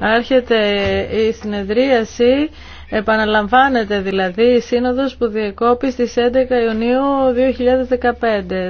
Άρχεται η συνεδρίαση, επαναλαμβάνεται δηλαδή η σύνοδος που διεκόπη στις 11 Ιουνίου 2015.